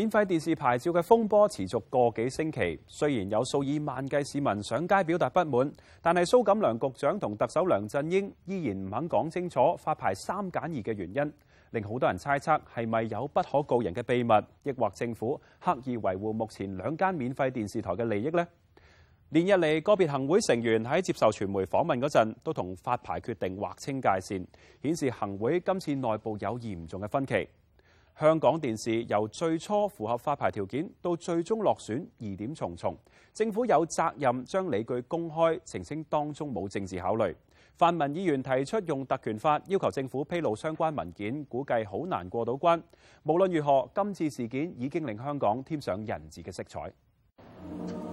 免費電視牌照嘅風波持續個幾星期，雖然有數以萬計市民上街表達不滿，但係蘇錦樑局長同特首梁振英依然唔肯講清楚發牌三揀二嘅原因，令好多人猜測係咪有不可告人嘅秘密，抑或政府刻意維護目前兩間免費電視台嘅利益呢？連日嚟個別行會成員喺接受傳媒訪問嗰陣，都同發牌決定劃清界線，顯示行會今次內部有嚴重嘅分歧。香港電視由最初符合發牌條件到最終落選，疑點重重。政府有責任將理據公開，澄清當中冇政治考慮。泛民議員提出用特權法要求政府披露相關文件，估計好難過到關。無論如何，今次事件已經令香港添上人治嘅色彩。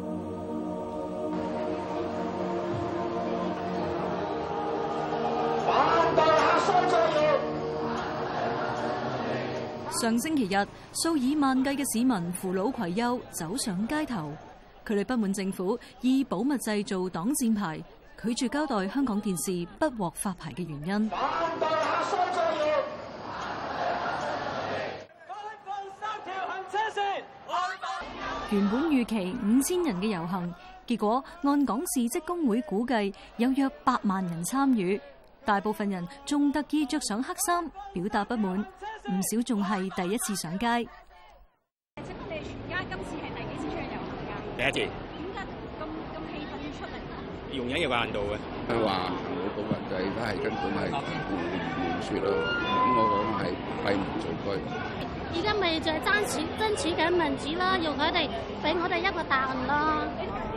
上星期日，數以萬計嘅市民扶老攜幼走上街頭，佢哋不滿政府以保密制做擋箭牌，拒絕交代香港電視不獲發牌嘅原因。原本預期五千人嘅遊行，結果按港視職工會估計，有約八萬人參與。大部分人仲特意著上黑衫表達不滿，唔少仲係第一次上街。請問你全家今次係第一次出嚟遊行㗎？第一次。點解咁咁氣憤要出嚟？容忍有限度嘅。佢話行會保密制，而家係根本係壓不住啦。咁我講係揮唔住㗎。而家咪就係爭取爭取緊民主啦，用佢哋畀我哋一個答案啦。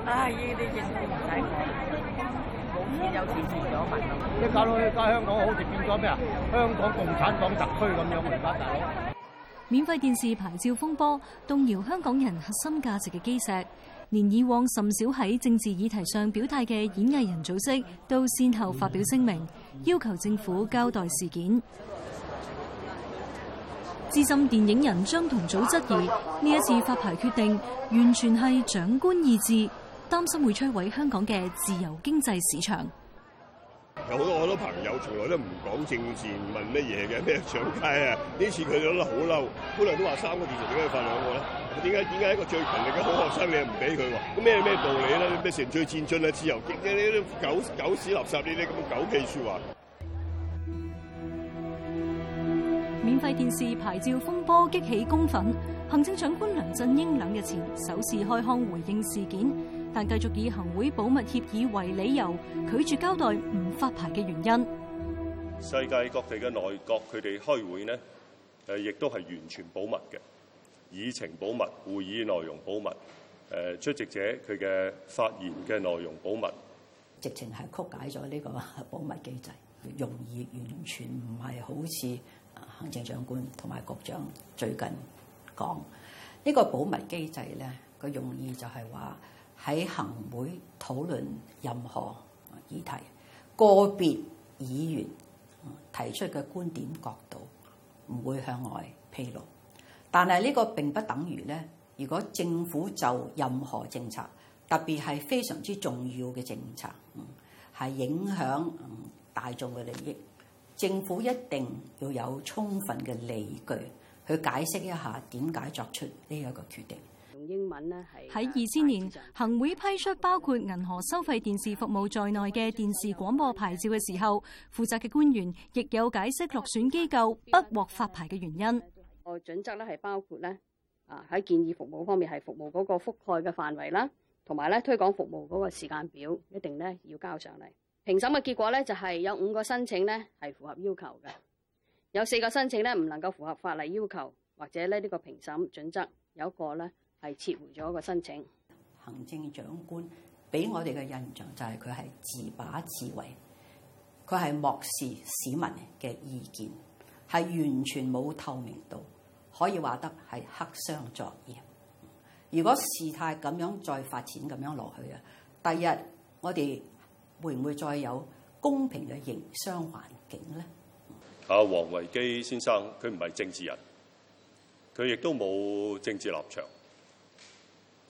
啊！依啲嘢真係～有政治上有矛盾，你搞到你搞香港好似變咗咩啊？香港共產黨特區咁樣，明白大好。免費電視牌照風波動搖香港人核心價值嘅基石，連以往甚少喺政治議題上表態嘅演藝人組織，都先後發表聲明，要求政府交代事件。資深電影人張同祖質疑，呢一次發牌決定完全係長官意志。擔心會摧毀香港嘅自由經濟市場。有好多好多朋友從來都唔講政治，問乜嘢嘅咩上街啊？呢次佢哋都好嬲，本來都話三個字，點解要發兩個咧？點解點解一個最勤力嘅好學生你又唔俾佢喎？咩咩道理咧？咩成最前進啊，自由經濟呢啲狗狗屎垃圾呢啲咁嘅狗屁説話。免費電視牌照風波激起公憤，行政長官梁振英兩日前首次開腔回應事件。但繼續以行會保密協議為理由，拒絕交代唔發牌嘅原因。世界各地嘅內閣，佢哋開會呢，誒，亦都係完全保密嘅，議程保密，會議內容保密，誒，出席者佢嘅發言嘅內容保密。直情係曲解咗呢個保密機制，用意完全唔係好似行政長官同埋局長最近講呢、呢個保密機制咧，個用意就係話。喺行會討論任何議題，個別議員提出嘅觀點角度唔會向外披露。但係呢個並不等於咧，如果政府就任何政策，特別係非常之重要嘅政策，係影響大眾嘅利益，政府一定要有充分嘅理據去解釋一下點解作出呢一個決定。英文咧，喺二千年行會批出包括銀河收費電視服務在內嘅電視廣播牌照嘅時候，負責嘅官員亦有解釋落選機構不獲發牌嘅原因。準則咧係包括咧啊喺建議服務方面係服務嗰個覆蓋嘅範圍啦，同埋咧推廣服務嗰個時間表一定咧要交上嚟。評審嘅結果咧就係有五個申請呢係符合要求嘅，有四個申請呢唔能夠符合法例要求，或者呢呢個評審準則有一個咧。係撤回咗個申請。行政長官俾我哋嘅印象就係佢係自把自為，佢係漠視市民嘅意見，係完全冇透明度，可以話得係黑箱作業。如果事態咁樣再發展咁樣落去啊，第日我哋會唔會再有公平嘅營商環境咧？阿王維基先生，佢唔係政治人，佢亦都冇政治立場。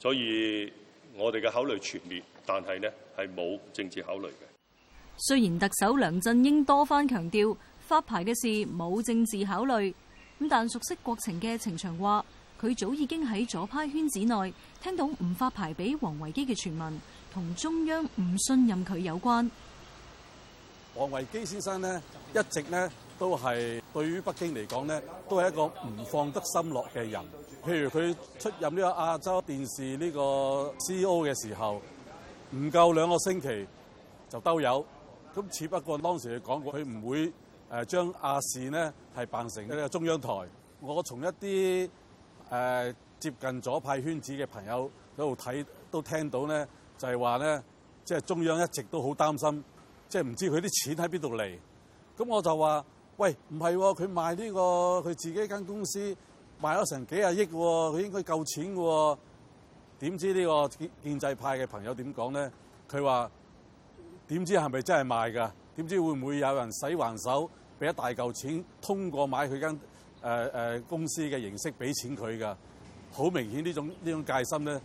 所以我哋嘅考慮全面，但係呢係冇政治考慮嘅。雖然特首梁振英多番強調發牌嘅事冇政治考慮，咁但熟悉國情嘅程翔話，佢早已經喺左派圈子內聽到唔發牌俾王維基嘅傳聞，同中央唔信任佢有關。王維基先生呢，一直呢。都係對於北京嚟講咧，都係一個唔放得心落嘅人。譬如佢出任呢個亞洲電視呢個 CEO 嘅時候，唔夠兩個星期就兜有咁。那只不過當時佢講過，佢唔會誒將亞視呢係扮成呢個中央台。我從一啲誒、呃、接近左派圈子嘅朋友喺度睇都聽到咧，就係話咧，即、就、係、是、中央一直都好擔心，即係唔知佢啲錢喺邊度嚟。咁我就話。喂，唔係喎，佢賣呢、這個佢自己間公司賣咗成幾廿億喎，佢應該夠錢嘅喎、哦。點知呢個建制派嘅朋友點講咧？佢話點知係咪真係賣㗎？點知會唔會有人洗橫手，俾一大嚿錢通過買佢間誒誒公司嘅形式俾錢佢㗎？好明顯呢種呢種戒心咧，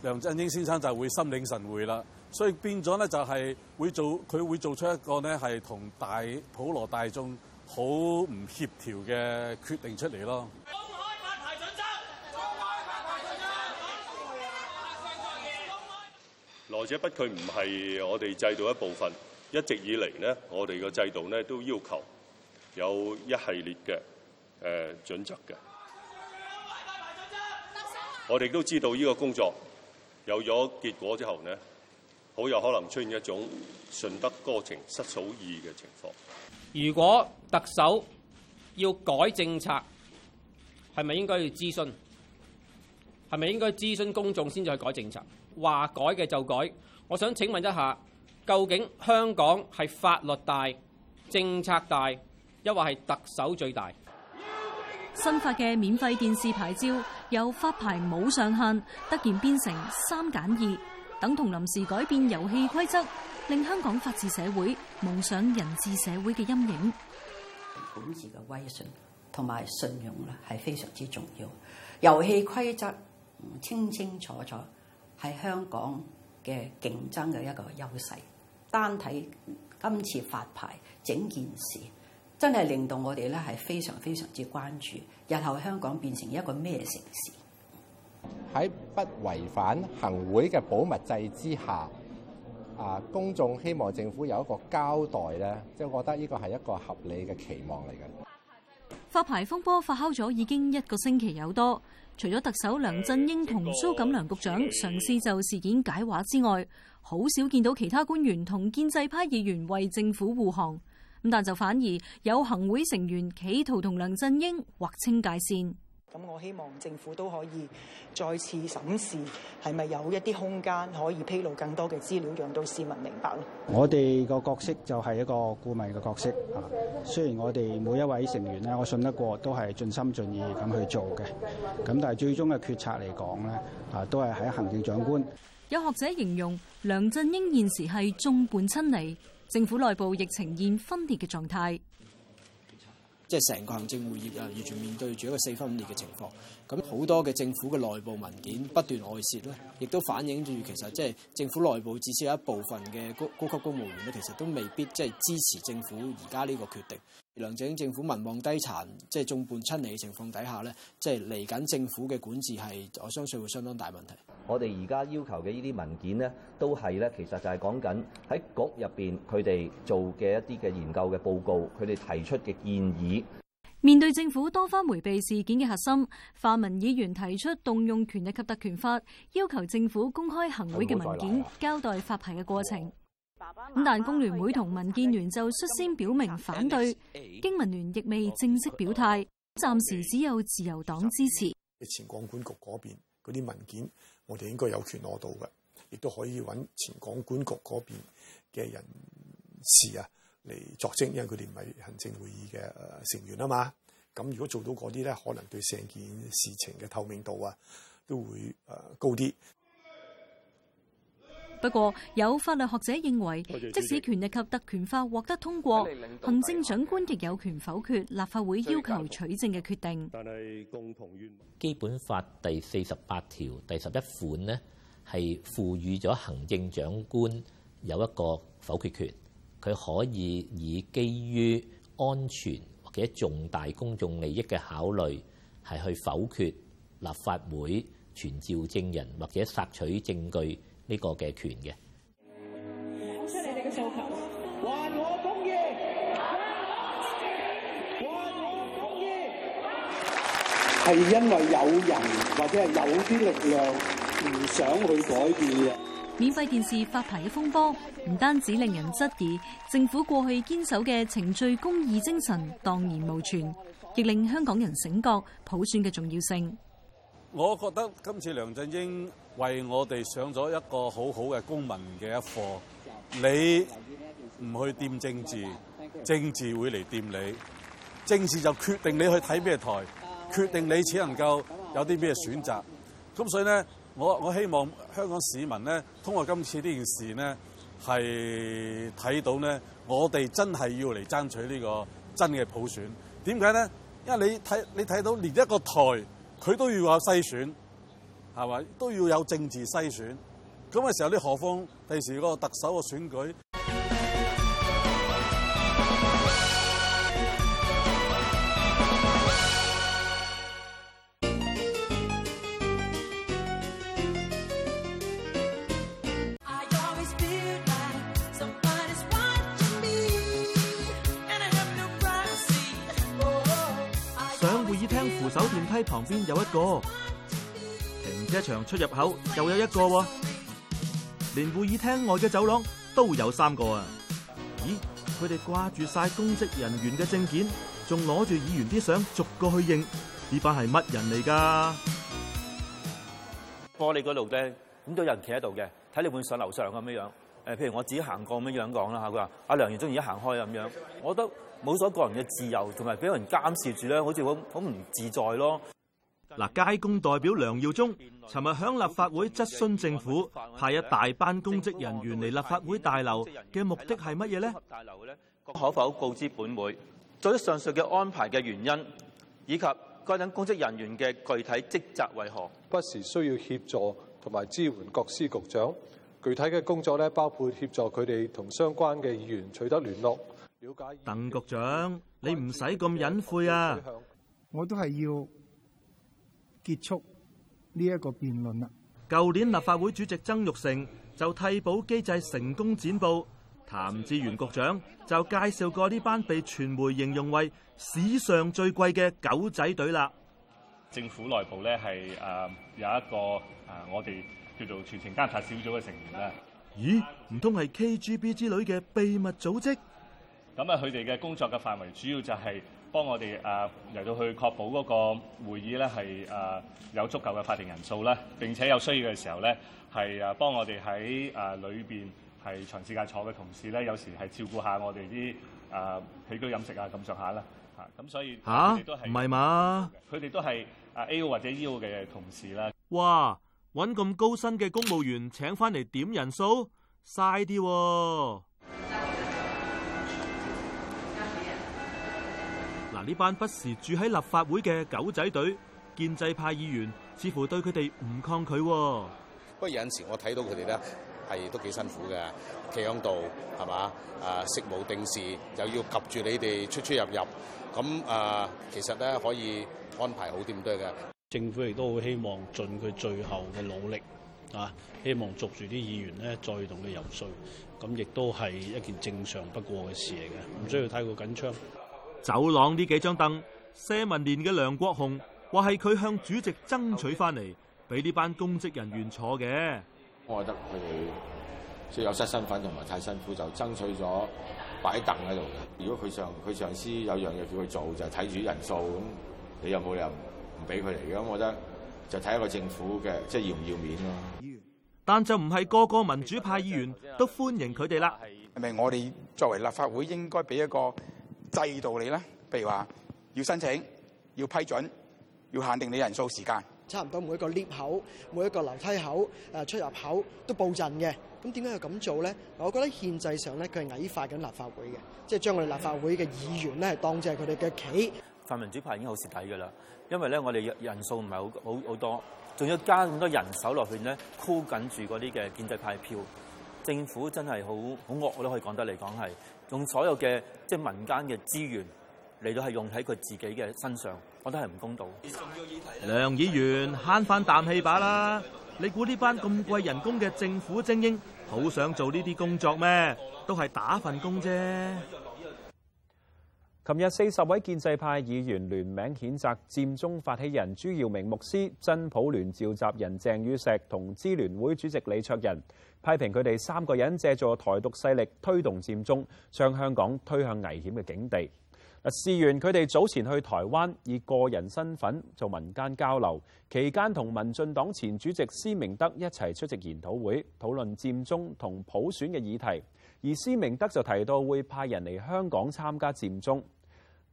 梁振英先生就會心領神會啦。所以變咗咧，就係會做佢會做出一個咧，係同大普羅大眾好唔協調嘅決定出嚟咯。公開發牌準則，公開發牌準則，開放發牌準則。來者不拒，唔係我哋制度一部分，一直以嚟咧，我哋個制度咧都要求有一系列嘅誒準則嘅。我哋都知道呢個工作有咗結果之後咧。好有可能出現一種順得哥情失嫂意嘅情況。如果特首要改政策，係咪應該要諮詢？係咪應該諮詢公眾先再改政策？話改嘅就改。我想請問一下，究竟香港係法律大、政策大，抑或係特首最大？新發嘅免費電視牌照有發牌冇上限，突然變成三揀二。等同臨時改變遊戲規則，令香港法治社會蒙上人治社會嘅陰影。本治嘅威信同埋信用咧，係非常之重要。遊戲規則清清楚楚，係香港嘅競爭嘅一個優勢。單睇今次發牌整件事，真係令到我哋咧係非常非常之關注，日後香港變成一個咩城市？喺不違反行會嘅保密制之下，啊，公眾希望政府有一個交代咧，即係我覺得呢個係一個合理嘅期望嚟嘅。發牌風波發酵咗已經一個星期有多，除咗特首梁振英同蘇錦樑局長嘗試就事件解話之外，好少見到其他官員同建制派議員為政府護航。咁但就反而有行會成員企圖同梁振英劃清界線。咁我希望政府都可以再次審視，係咪有一啲空間可以披露更多嘅資料，讓到市民明白咯。我哋個角色就係一個顧問嘅角色啊。雖然我哋每一位成員咧，我信得過都係盡心盡意咁去做嘅。咁但係最終嘅決策嚟講咧，啊都係喺行政長官。有學者形容梁振英現時係眾叛親離，政府內部亦呈現分裂嘅狀態。即係成個行政會議啊，完全面對住一個四分五裂嘅情況。咁好多嘅政府嘅內部文件不斷外泄咧，亦都反映住其實即係政府內部至少有一部分嘅高高級公務員咧，其實都未必即係支持政府而家呢個決定。梁振英政府民望低殘，即係眾叛親離嘅情況底下咧，即係嚟緊政府嘅管治係，我相信會相當大問題。我哋而家要求嘅呢啲文件咧，都係咧，其實就係講緊喺局入邊佢哋做嘅一啲嘅研究嘅報告，佢哋提出嘅建議。面對政府多番回避事件嘅核心，泛民議員提出動用《權力及特權法》，要求政府公開行會嘅文件，交代發牌嘅過程。咁但工聯會同民建聯就率先表明反對，經民聯亦未正式表態，暫時只有自由黨支持。前廣管局嗰邊嗰啲文件，我哋應該有權攞到嘅，亦都可以揾前廣管局嗰邊嘅人士啊嚟作證，因為佢哋唔係行政會議嘅誒成員啊嘛。咁如果做到嗰啲咧，可能對成件事情嘅透明度啊，都會誒高啲。不過，有法律學者認為，即使權力及特權法獲得通過，行政長官亦有權否決立法會要求取證嘅決定。但係，基本法第四十八條第十一款呢，係賦予咗行政長官有一個否決權，佢可以以基於安全或者重大公眾利益嘅考慮，係去否決立法會傳召證人或者索取證據。呢個嘅權嘅，出係因為有人或者係有啲力量唔想去改變。免費電視發牌嘅風波，唔單止令人質疑政府過去堅守嘅程序公義精神蕩然無存，亦令香港人醒覺普選嘅重要性。我覺得今次梁振英為我哋上咗一個好好嘅公民嘅一課，你唔去掂政治，政治會嚟掂你，政治就決定你去睇咩台，決定你只能夠有啲咩選擇。咁所以咧，我我希望香港市民咧，通過今次呢件事咧，係睇到咧，我哋真係要嚟爭取呢個真嘅普選。點解咧？因為你睇你睇到連一個台。佢都要有篩選，係咪都要有政治篩選，噉嘅時候，你何況第時個特首嘅選舉。議廳扶手電梯旁邊有一個停車場出入口又有一個，連會議廳外嘅走廊都有三個啊！咦，佢哋掛住晒公職人員嘅證件，仲攞住議員啲相逐個去認是，呢班係乜人嚟噶？玻璃嗰度咧，咁都有人企喺度嘅，睇你會上樓上咁樣樣。誒、呃，譬如我自己行過咁樣、啊、樣講啦吓，佢話阿梁議員而家行開咁樣，我覺得。冇咗個人嘅自由，同埋俾人監視住咧，好似好好唔自在咯。嗱，街工代表梁耀忠，尋日響立法會質詢政府派一大班公職人員嚟立法會大樓嘅目的係乜嘢咧？大樓咧？可否告知本會作出上述嘅安排嘅原因，以及該等公職人員嘅具體職責為何？不時需要協助同埋支援各司局長，具體嘅工作咧，包括協助佢哋同相關嘅議員取得聯絡。鄧局長，你唔使咁隱晦啊！我都係要結束呢一個辯論啦。舊年立法會主席曾鈺成就替補機制成功剪布，譚志源局長就介紹過呢班被傳媒形容為史上最貴嘅狗仔隊啦。政府內部咧係誒有一個誒，我哋叫做全程監察小組嘅成員啦。咦，唔通係 KGB 之類嘅秘密組織？咁啊，佢哋嘅工作嘅範圍主要就係幫我哋啊嚟到去確保嗰個會議咧係啊有足夠嘅法定人數啦，並且有需要嘅時候咧係啊幫我哋喺啊裏邊，係長時間坐嘅同事咧，有時係照顧下我哋啲啊起居飲食啊咁上下啦嚇。咁所以佢哋都係唔係嘛？佢哋都係啊 A、o、或者 eoAO 或者 EO 嘅同事啦。哇！搵咁高薪嘅公務員請翻嚟點人數，嘥啲喎。呢班不時住喺立法會嘅狗仔隊，建制派議員似乎對佢哋唔抗拒。不過有陣時我睇到佢哋咧，係都幾辛苦嘅，企響度係嘛？啊食無定時，又要及住你哋出出入入。咁啊，其實咧可以安排好啲咁多嘅。政府亦都好希望盡佢最後嘅努力啊，希望捉住啲議員咧再同佢遊說。咁亦都係一件正常不過嘅事嚟嘅，唔需要太過緊張。走廊呢幾張凳，社民連嘅梁國雄話係佢向主席爭取翻嚟，俾呢班公職人員坐嘅。我覺得佢哋即係有失身份同埋太辛苦，就爭取咗擺凳喺度。如果佢上佢上司有樣嘢叫佢做，就睇住人數，咁你有冇理由唔俾佢嚟嘅。咁我覺得就睇一個政府嘅，即係要唔要面咯。但就唔係個個民主派議員都歡迎佢哋啦。係咪我哋作為立法會應該俾一個。制度你啦，譬如話要申請、要批准、要限定你人數、時間，差唔多每一個 𨋢 口、每一個樓梯口、誒出入口都佈陣嘅。咁點解要咁做咧？我覺得憲制上咧，佢係矮化緊立法會嘅，即係將我哋立法會嘅議員咧，係當住佢哋嘅棋。泛民主派已經好蝕底㗎啦，因為咧我哋人數唔係好好好多，仲要加咁多人手落去咧，箍緊住嗰啲嘅建制派票。政府真係好好惡，我都可以講得嚟講係用所有嘅即係民間嘅資源嚟到係用喺佢自己嘅身上，我覺得係唔公道。梁議員，慳翻啖氣把啦！你估呢班咁貴人工嘅政府精英好想做呢啲工作咩？都係打份工啫。琴日四十位建制派議員聯名譴責佔中發起人朱耀明牧師、真普聯召集人鄭宇碩同支聯會主席李卓人，批評佢哋三個人借助台獨勢力推動佔中，將香港推向危險嘅境地。事源佢哋早前去台灣以個人身份做民間交流，期間同民進黨前主席施明德一齊出席研討會討論佔中同普選嘅議題，而施明德就提到會派人嚟香港參加佔中。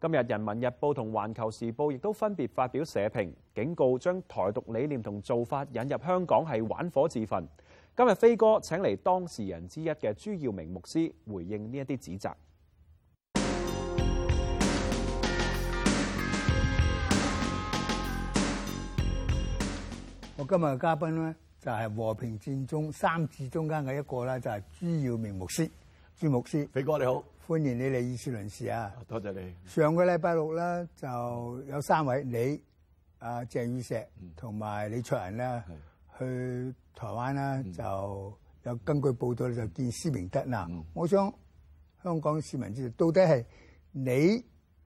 今日《人民日報》同《環球時報》亦都分別發表社評，警告將台獨理念同做法引入香港係玩火自焚。今日飛哥請嚟當事人之一嘅朱耀明牧師回應呢一啲指責。我今日嘅嘉賓呢，就係和平佔中三子中間嘅一個呢就係朱耀明牧師。朱牧師，飛哥，你好。歡迎你嚟議事論事啊！意多謝你。上個禮拜六咧，就有三位你、阿、啊、鄭宇碩同埋、嗯、李卓人咧，嗯、去台灣啦。就有根據報道、嗯、就見施明德嗱。嗯、我想香港市民知道，到底係你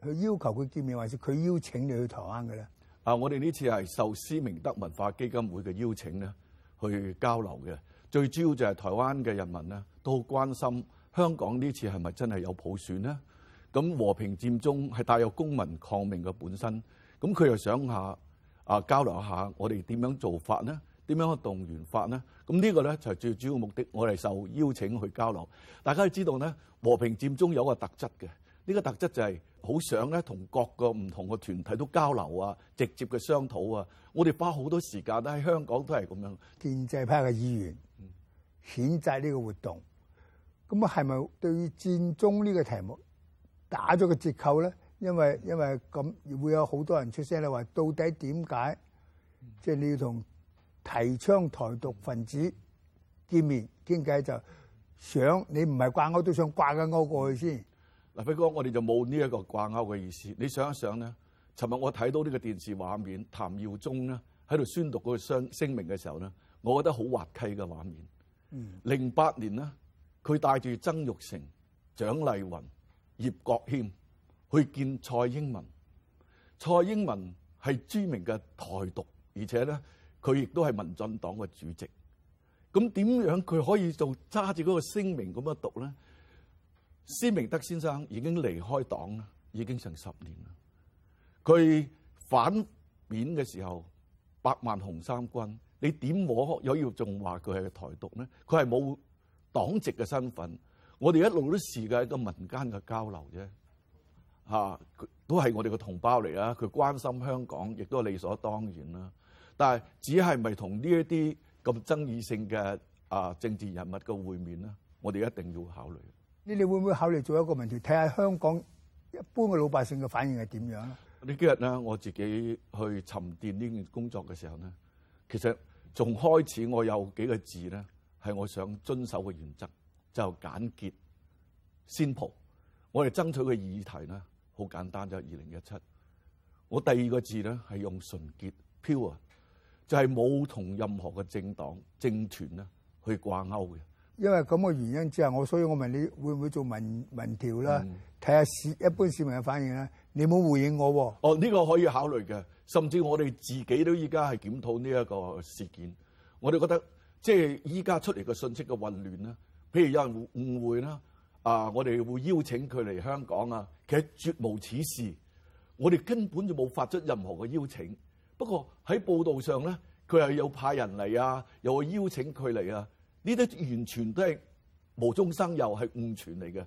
去要求佢見面，還是佢邀請你去台灣嘅咧？啊，我哋呢次係受施明德文化基金會嘅邀請咧，去交流嘅。最主要就係台灣嘅人民咧，都好關心。香港呢次係咪真係有普選咧？咁和平佔中係帶有公民抗命嘅本身，咁佢又想下啊交流一下我哋點樣做法咧？點樣去動員法咧？咁呢個咧就係最主要嘅目的，我哋受邀請去交流。大家要知道咧，和平佔中有個特質嘅，呢個特質就係好想咧同各個唔同嘅團體都交流啊，直接嘅商討啊。我哋花好多時間都喺香港都係咁樣，建制派嘅議員嗯，譴責呢個活動。咁啊，係咪對於佔中呢個題目打咗個折扣咧？因為因為咁會有好多人出聲咧，話到底點解即係你要同提倡台獨分子見面傾偈，嗯、就想你唔係掛鈎都想掛緊勾過去先嗱。飛哥，我哋就冇呢一個掛鈎嘅意思。你想一想咧，尋日我睇到呢個電視畫面，譚耀宗咧喺度宣讀嗰個聲明嘅時候咧，我覺得好滑稽嘅畫面。零八、嗯、年咧。佢帶住曾玉成、蔣麗芸、葉國謙去見蔡英文。蔡英文係著名嘅台獨，而且咧佢亦都係民進黨嘅主席。咁點樣佢可以做揸住嗰個聲明咁樣讀咧？施明德先生已經離開黨啦，已經成十年啦。佢反面嘅時候，百萬紅三軍，你點摸？有要仲話佢係台獨咩？佢係冇。黨籍嘅身份，我哋一路都試過一個民間嘅交流啫，吓、啊，佢都係我哋嘅同胞嚟啦，佢關心香港，亦都理所當然啦。但係只係咪同呢一啲咁爭議性嘅啊政治人物嘅會面咧？我哋一定要考慮。你哋會唔會考慮做一個民調，睇下香港一般嘅老百姓嘅反應係點樣咧？這幾呢幾日咧，我自己去沉澱呢件工作嘅時候咧，其實從開始我有幾個字咧。係我想遵守嘅原則，就是、簡潔先 i 我哋爭取嘅議題呢，好簡單，就係二零一七。我第二個字呢，係用純潔 pure，就係冇同任何嘅政黨、政團咧去掛鈎嘅。因為咁嘅原因之下，我所以我問你會唔會做民民調啦，睇下市一般市民嘅反應啦。你冇回應我喎。哦，呢、這個可以考慮嘅，甚至我哋自己都依家係檢討呢一個事件。我哋覺得。即係依家出嚟嘅信息嘅混亂啦，譬如有人會誤會啦，啊，我哋會邀請佢嚟香港啊，其實絕無此事，我哋根本就冇發出任何嘅邀請。不過喺報道上咧，佢係有派人嚟啊，又有邀請佢嚟啊，呢啲完全都係無中生有，係誤傳嚟嘅。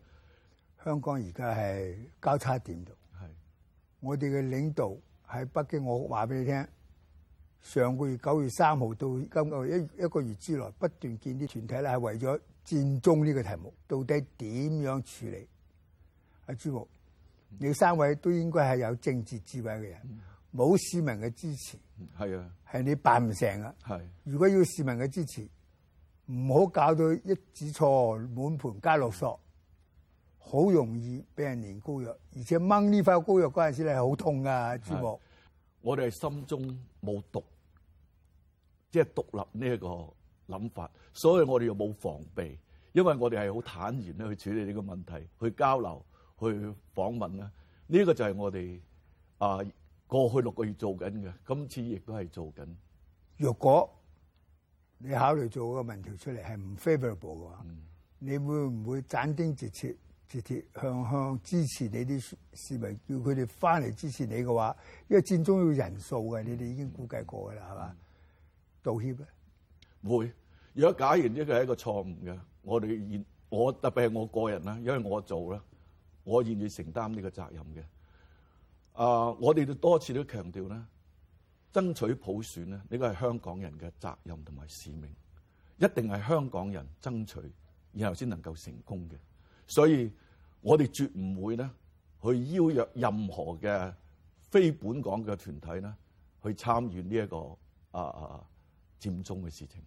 香港而家係交叉點度，係的我哋嘅領導喺北京，我話俾你聽。上個月九月三號到今個月一一個月之內不斷見啲團體咧係為咗佔中呢個題目，到底點樣處理？阿朱牧，你三位都應該係有政治智慧嘅人，冇市民嘅支持，係啊、嗯，係、嗯、你辦唔成啊！係、嗯，嗯、如果要市民嘅支持，唔好搞到一子錯滿盤皆落索，好容易俾人連膏藥，而且掹呢塊膏藥嗰陣時咧係好痛噶，朱、啊、牧。我哋係心中冇獨，即係獨立呢一個諗法，所以我哋又冇防備，因為我哋係好坦然咧去處理呢個問題，去交流，去訪問啦。呢個就係我哋啊過去六個月做緊嘅，今次亦都係做緊，若果你考慮做個民調出嚟係唔 favorable 嘅話，嗯、你會唔會斬釘截鐵？直直向向支持你啲市民，叫佢哋翻嚟支持你嘅話，因為佔中要人數嘅，你哋已經估計過噶啦，係嘛？道歉咧？會，如果假如呢個係一個錯誤嘅，我哋現我特別係我個人啦，因為我做啦，我願意承擔呢個責任嘅。啊、uh,，我哋都多次都強調啦，爭取普選咧，呢個係香港人嘅責任同埋使命，一定係香港人爭取，然後先能夠成功嘅。所以，我哋絕唔會咧去邀約任何嘅非本港嘅團體咧去參與呢一個啊啊佔中嘅事情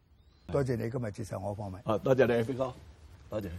多多多。多謝你今日接受我嘅訪問。啊，多謝你，飛哥，多謝。